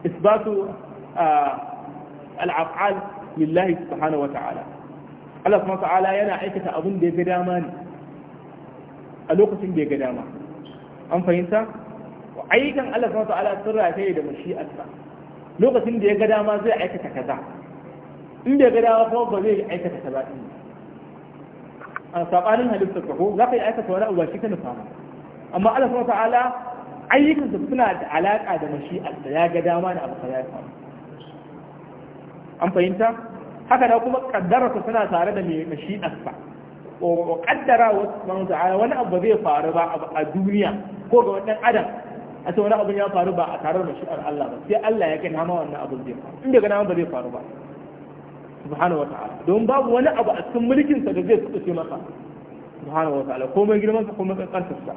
S1: isbatu ah, al'af'al lillahi subhanahu wa ta'ala Allah subhanahu wa ta'ala yana aikata abin da ya ga dama ne a lokacin da ya ga dama an fahimta ayyukan Allah subhanahu wa ta'ala sun rataye da mashi'arsa lokacin da ya ga dama zai aikata kaza in bai ga dawa kuma ba zai aikata ta ba a sabanin halittar ka ko za ka yi aikata wani abu ba shi ka nufa ba amma Allah subhanahu ta'ala ayyukansa suna da alaka da mashi'ar da ya ga dama da abu ka ya faru an fahimta haka da kuma kaddararsa suna tare da mai mashi'ar sa wa kaddara wa subhanahu ta'ala wani abu zai faru ba a duniya ko ga wannan adam a ce wani abu ya faru ba a tare da mashi'ar Allah ba sai Allah ya gana ma wannan abu zai faru in bai gana ma ba zai faru ba subhanahu wata'ala don babu wani abu a cikin mulkin sa da zai ce masa subhanahu wata'ala komai girman sa komai kankanta sa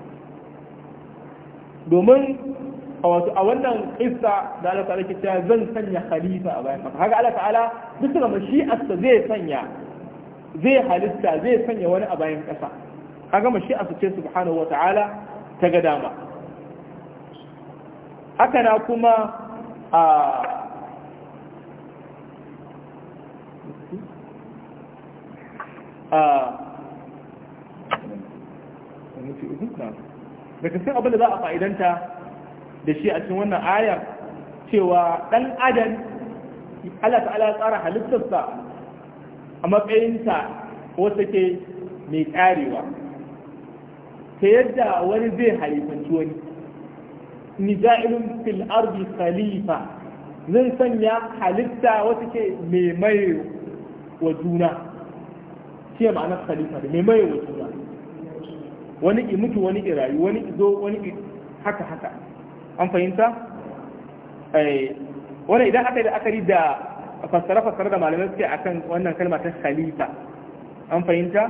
S1: domin a wato a wannan kissa da Allah ta'ala ke cewa zan sanya khalifa a bayan maka haka Allah ta'ala duk da mashi'arsa zai sanya zai halitta zai sanya wani a bayan kasa haka mashi'arsa ce subhanahu wata'ala ta ga dama haka na kuma a daga ah. cikin abin da za a fa'idanta da shi a cikin wannan ayar cewa ɗan adam Allah ta'ala tsara halittarsa a matsayinta wasu ke mai ƙarewa ta yadda wani zai halifanci wani ni ja'ilun fil khalifa zan sanya halitta wasu ke mai mai wa juna shi ma'anar khalifa da mai maye wasu ba wani ki mutu wani ki rayu wani ki zo wani ki haka haka an fahimta eh, wani idan aka yi la'akari da fassara-fassara da malamai suke akan wannan kalma ta khalifa an fahimta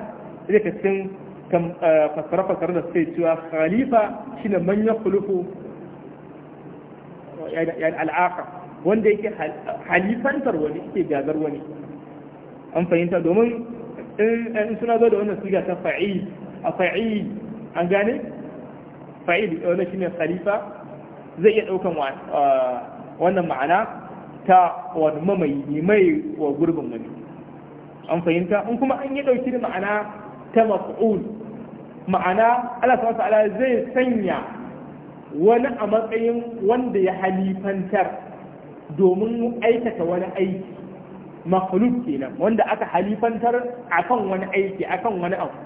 S1: ita ka cikin eh, fassara-fassara da suke cewa khalifa shine manyan kulufu al'aka wanda yake halifantar wani yake gazar wani an fahimta domin in suna zo da wannan siga ta fa'il a fa'il an gane fa'il shi shine khalifa zai iya daukan wannan ma'ana ta wani mamayi ne mai wa gurbin wani an fahimta in kuma an yi dauki da ma'ana ta maf'ul ma'ana Allah subhanahu wa ta'ala zai sanya wani a matsayin wanda ya halifantar domin aikata wani aiki makhluk kenan wanda aka halifantar akan wani aiki akan wani abu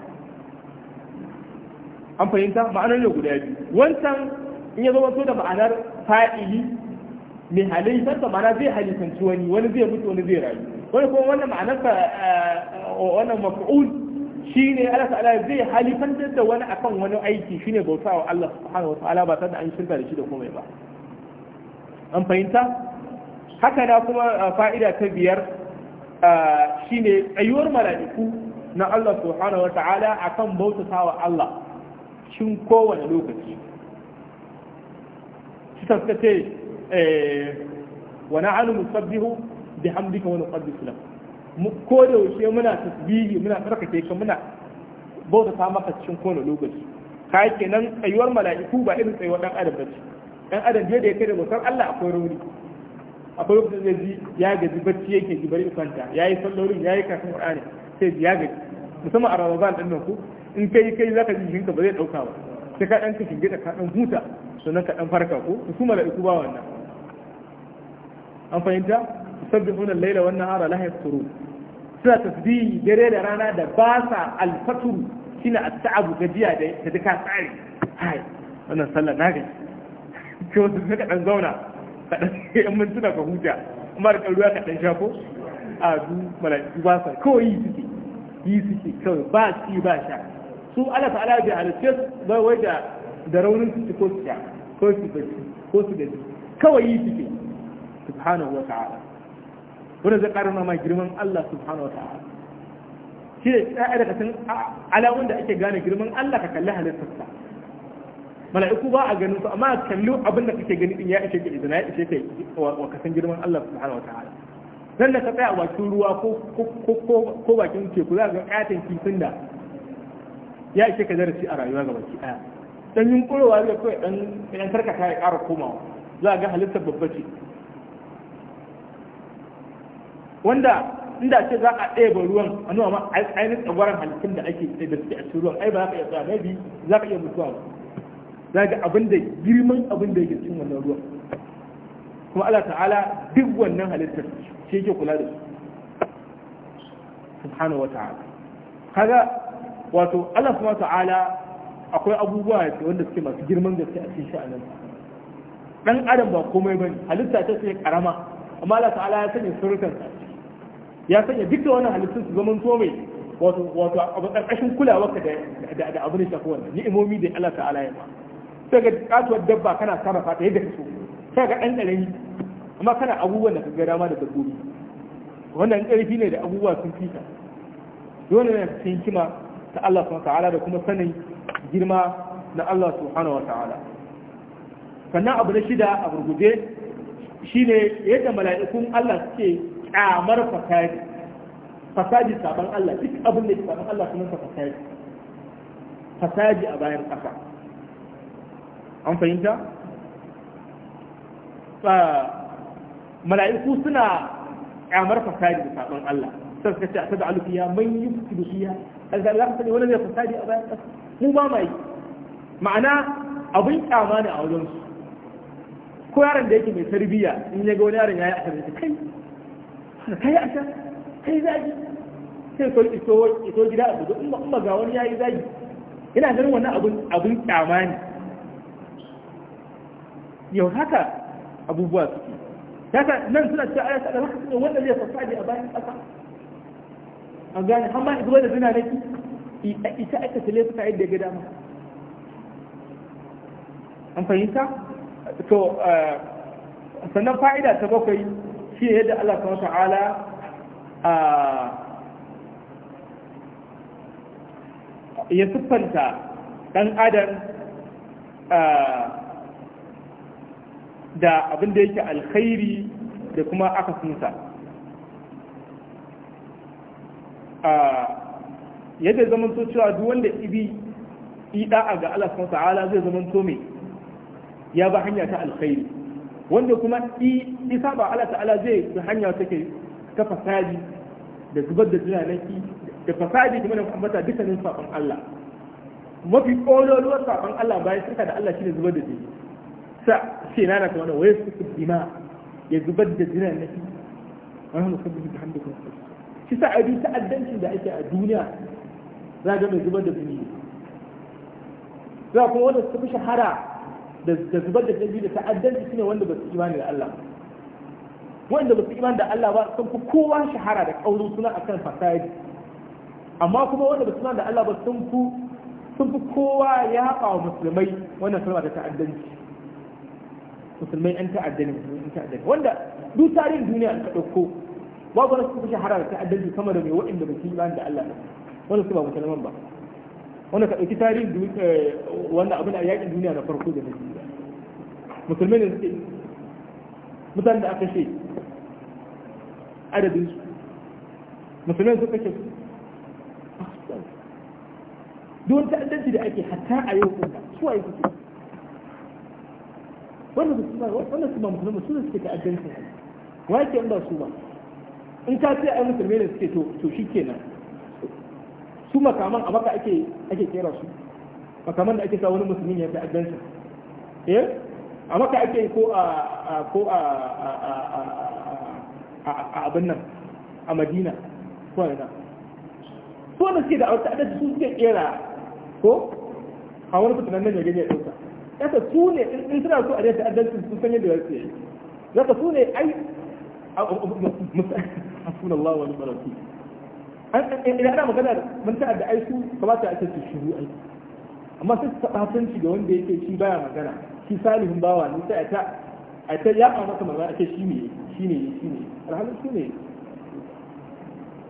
S1: an fahimta ma'anar ne guda biyu wancan in ya zama so da ma'anar fa'ili mai halifantar ma'ana zai halifanci wani wani zai mutu wani zai rayu wani kuma wannan ma'anar eh, wannan mafi'ul shi ne Allah ta'ala zai halifantar da wani akan wani aiki shine bauta wa Allah subhanahu wa ta'ala ba tare da an shirka da shi da komai ba an fahimta haka na kuma eh, fa'ida ta biyar shine ayyuwar mala'iku na Allah subhanahu wa ta'ala akan bautata wa Allah cikin kowane lokaci ta suka ce wa na'alu musabbihu bihamdika wa nuqaddisu lak mu ko da yaushe muna tasbihi muna tsarkake ka muna bautata maka cikin kowane lokaci kai kenan ayyuwar mala'iku ba irin tsayuwar dan adam bace dan adam da ya kai da bautar Allah akwai rauni akwai lokacin zai ji ya gaji bacci yake ji bari kwanta ya yi sallolin ya yi kafin ƙur'ani sai ya gaji musamman a ramadan ɗin nan ku in kai kai za ka ji jikinka ba zai ɗauka ba sai ka ɗan ka shingida ka ɗan huta sannan ka ɗan farka ko su mala'iku ba wannan an fahimta sabbin hunan laila wannan ara lahayar yasturu suna tasbihi dare da rana da ba sa alfaturu shine at-ta'abu gajiya da ta duka tsari hai wannan sallah na gaji ko su ka ɗan zauna kaɗan yan mintuna ka huta amma da ruwa ka ɗan shafo a du mala'iku ba sa kawai yi suke yi suke kawai ba ci ba sha su ala ta'ala bi halitta ba wai da da raunin su ko su sha ko su bacci ko su gaji kawai yi suke subhanahu wa ta'ala wanda zai ƙara ma girman Allah subhanahu wa ta'ala shi ne ɗaya daga cikin alamun da ake gane girman Allah ka kalli halittarsa mala'iku ba a ganin su amma kallo abin da kake gani din ya ishe ki idan ya ishe ka wa kasan girman Allah subhanahu wataala dan da ka tsaya a bakin ruwa ko ko ko bakin teku za ga katin kifin da ya ishe ka darasi a rayuwa ga baki daya dan kurowa zai kai dan dan karkata ya ƙara komawa za ga halittar babba ce wanda inda ce za a ba ruwan a nuna ma ainihin tsagwaron halittun da ake da suke a cikin ruwan ai ba za ka iya tsaya maybe za ka iya mutuwa ba za ga abin da girman abin da yake cikin wannan ruwan kuma Allah ta'ala duk wannan halittar shi yake kula da su subhanahu wata'ala kaga wato Allah kuma ta'ala akwai abubuwa yake wanda suke masu girman gaske a cikin sha'anin dan adam ba komai bane halitta ta sai karama amma Allah ta'ala ya sanya surukan ya sanya duk da wannan halittun su zaman to mai wato wato a karkashin kulawar ka da da abin shafi wannan ni'imomi da Allah ta'ala ya ba daga katuwar dabba kana sama ta yadda ka so sai ga ɗan ɗarayi amma kana abubuwan da ka ga dama da dabbobi wannan ƙarfi ne da abubuwa sun fi ka dole ne cikin hikima ta Allah subhanahu ta'ala da kuma sanin girma na Allah subhanahu wa ta'ala sannan abu na shida a shi shine yadda mala'ikun Allah suke kyamar fasadi fasadi saban Allah duk abin da ke saban Allah sunan sa fasadi fasadi a bayan ƙasa an fahimta mala'iku suna kyamar fasadi da sabon Allah sai suka ce a tada alufiya man yi fitilu fiya daga Allah sani wani zai fasadi a bayan ƙasa mu ba ma yi ma'ana abin kyama ne a wajen su ko yaron da yake mai tarbiyya in ya ga wani yaron ya yi a tarbiyya kai kai a can kai zagi sai so iso gida a gudu in ba ga wani ya yi zagi ina ganin wannan abin abin ne yau haka abubuwa suke haka nan suna cikin ayat da haka wanda zai fasadi a bayan ƙasa an gane har ma zuwa da zina nake ita aka tale suka yadda ga dama an fahimta to eh, sannan fa'ida ta bakwai shi yadda Allah subhanahu ta'ala ya siffanta ɗan adam da abin da yake alkhairi da kuma akasinsa a yadda zaman to cewa duk wanda ibi ii-a-a ga Allah subhanahu wataala zai zaman to mai ya ba hanya ta alkhairi wanda kuma isa ba Allah ta'ala zai bi hanya take ta fasadi da zubar da tunanaki da fasadi kuma da ambata dukkanin sabon Allah mafi kololuwar sabon Allah bayan suka da Allah shi ne zubar da jini sa ce na na tawana waye su kuddima ya zubar da jinan nafi wani musamman da hannu kuma shi sa a duk ta'addancin da ake a duniya za ga mai zubar da jini za kuma wanda suka fi shahara da zubar da jini da ta'addanci shine wanda ba su imani da Allah wanda ba su imani da Allah ba sun fi kowa shahara da kaurin suna akan fasadi amma kuma wanda ba su imani da Allah ba sun fi sun fi kowa ya haɓa wa musulmai wannan kalma da ta'addanci musulmai an ta'adda ne musulmai yan ta'adda ne wanda duk tarihin duniya an ɗauko babu wani suka shahara da ta'addanci sama da mai waɗanda ba su yi da Allah ne wanda su ba musulman ba wanda ka ɗauki tarihin eh, wanda abin a yaƙin duniya na farko da ba, musulmai ne suke mutanen da aka ce adadin su musulmai suka ce ah, don ta'addanci da ake hatta a yau kuma su a yi suke wanda ba su ba wanda su ba su ne suke ta'addancin wa ke ba su ba in ka ce ai musulmi ne suke to to shikenan su makaman a maka ake ake kera su makaman da ake sa wani musulmi ya ta'addancin eh a maka ake ko a ko a a abin nan a madina ko a ina ko da suke da a wata adadi su suke kera ko a wani fitinan nan ya gaje ya ɗauka kasa su ne in suna so a dace adalcin sun san yadda yake yi zaka su ne ai musamman Allah wani baraki idan ana magana mun ta da ai su kamata a ce su shiru ai amma sai su shi ga wanda yake shi baya magana shi salihun bawa ne sai ta a ta ya ba masa magana ake shi ne shi ne shi ne alhalin su ne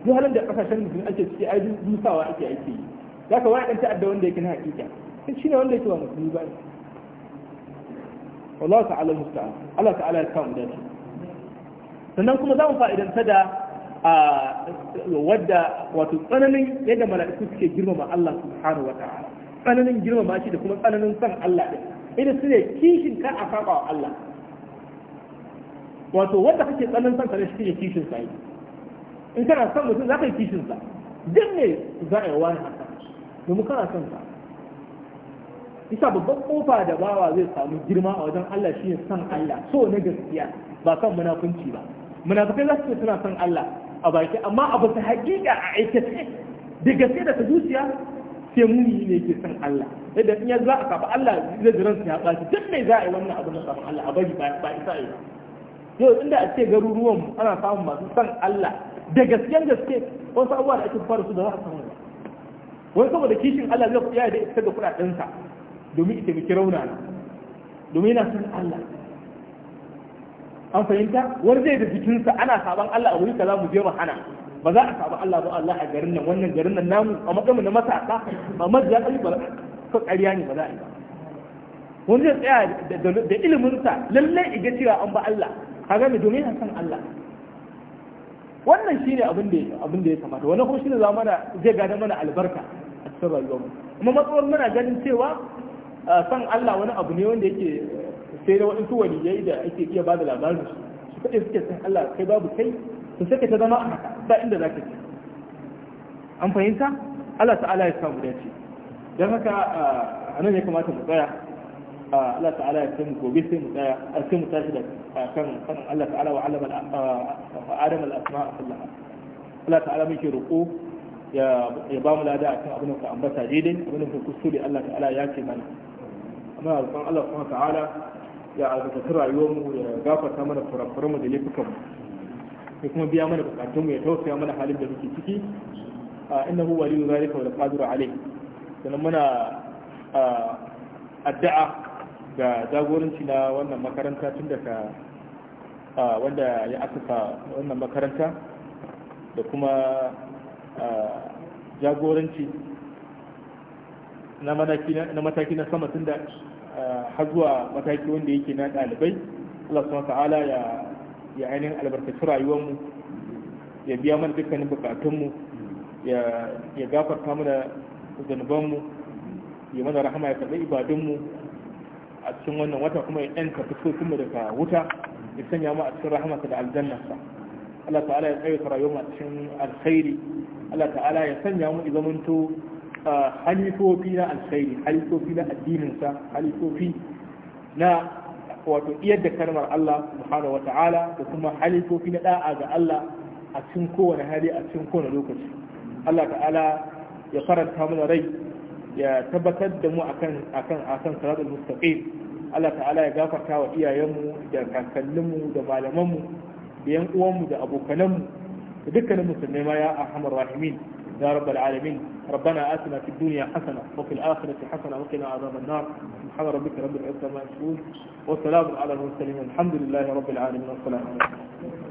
S1: duk halin da kasashen musulmi ake ciki ai dusawa ake aiki yi zaka wani dan ta'adda wanda yake na hakika shi ne wanda yake wa musulmi ba wallahu ta'ala musta'an Allah ta'ala ya samu dace sannan kuma za mu fa'idanta da wadda wato tsananin yadda mala'iku suke girmama Allah subhanahu wa ta'ala tsananin girmama shi da kuma tsananin san Allah din idan su ne kishin kar a saba wa Allah wato wanda kake tsananin san ne shi ne kishin sa in kana son mutum za ka yi kishin sa duk ne za a yi wani haka domin kana son sa isa babban kofa da bawa zai samu girma a wajen Allah shi ne san Allah so na gaskiya ba kan munafunci ba munafukai za su ce suna san Allah a baki amma a bisa hakika a aikace da gaske da ta zuciya sai muni ne ke san Allah yadda in ya za a kafa Allah zai jiran su ya ɓaci duk mai za a yi wannan abu na samun Allah a bari ba isa yi ba yau inda a ce garuruwan ana samun masu san Allah da gaskiyar gaske wasu abubuwa da ake fara su da za a samu wani saboda kishin Allah zai kuɗi ya da isa da kuɗaɗensa domin ita biki rauna domin yana son Allah an fahimta wani zai da jikinsa ana saban Allah a wuri kaza mu je mu hana ba za a saba Allah ba Allah a garin nan wannan garin nan namu a matsayin na matasa ba matsayin kai ba ko ƙarya ne ba za a yi ba wani zai tsaya da iliminsa lalle ga cewa an ba Allah kaga ne domin yana son Allah wannan shine abin da abin da ya kamata wani kuma shine zamana zai gada mana albarka a cikin rayuwar amma kuma matsawar muna ganin cewa san Allah wani abu ne wanda yake sai da waɗansu waliyai da ake iya ba da labarin su su kaɗai suke san Allah kai babu kai su sake ta zama a haka ba inda za ka ce an fahimta Allah ta'ala ya samu dace don haka a nan ya kamata mu tsaya Allah ta'ala ya samu gobe sai mu tsaya sai mu tashi da kan kan Allah ta'ala wa alama Adam al-asma kullaha Allah ta'ala muke roƙo ya ba mu lada akan abin da ka ambata daidai abin da ku kuskure Allah ta'ala ya ce mana muna roƙon Allah kuma ta'ala ya albarkaci rayuwar mu ya gafarta mana furafuran mu da laifukan mu ya kuma biya mana bukatun mu ya tausaya mana halin da muke ciki huwa waliyu zalika wal qadiru alayh sannan muna addu'a ga jagoranci na wannan makaranta tun daga wanda ya asasa wannan makaranta da kuma jagoranci na mataki na sama tun da har zuwa mataki wanda yake na ɗalibai Allah subhanahu ta'ala ya ya ainihin albarkaci mu ya biya mana dukkanin bukatunmu ya ya gafarta mana mu ya mana rahama ya karɓi ibadunmu a cikin wannan wata kuma ya ɗan karɓi mu daga wuta ya sanya mu a cikin rahamarsa da aljannarsa Allah ta'ala ya tsaye rayuwar mu a cikin alkhairi Allah ta'ala ya sanya mu zamanto halifofi na alkhairi halifofi na addininsa halifofi na wato iyar da kalmar Allah subhanahu wa ta'ala da kuma halifofi na da'a ga Allah a cikin kowane hali a cikin kowane lokaci Allah ta'ala ya faranta mana rai ya tabbatar da mu akan akan akan salatul mustaqim Allah ta'ala ya gafarta wa iyayenmu da kakanninmu da malamanmu da yan uwanmu da abokananmu da dukkanin musulmai ma ya arhamar rahimin يا رب العالمين ربنا آتنا في الدنيا حسنة وفي الآخرة حسنة وقنا عذاب النار سبحان ربك رب العزة ما يصفون وسلام على
S2: المرسلين الحمد لله رب العالمين والسلام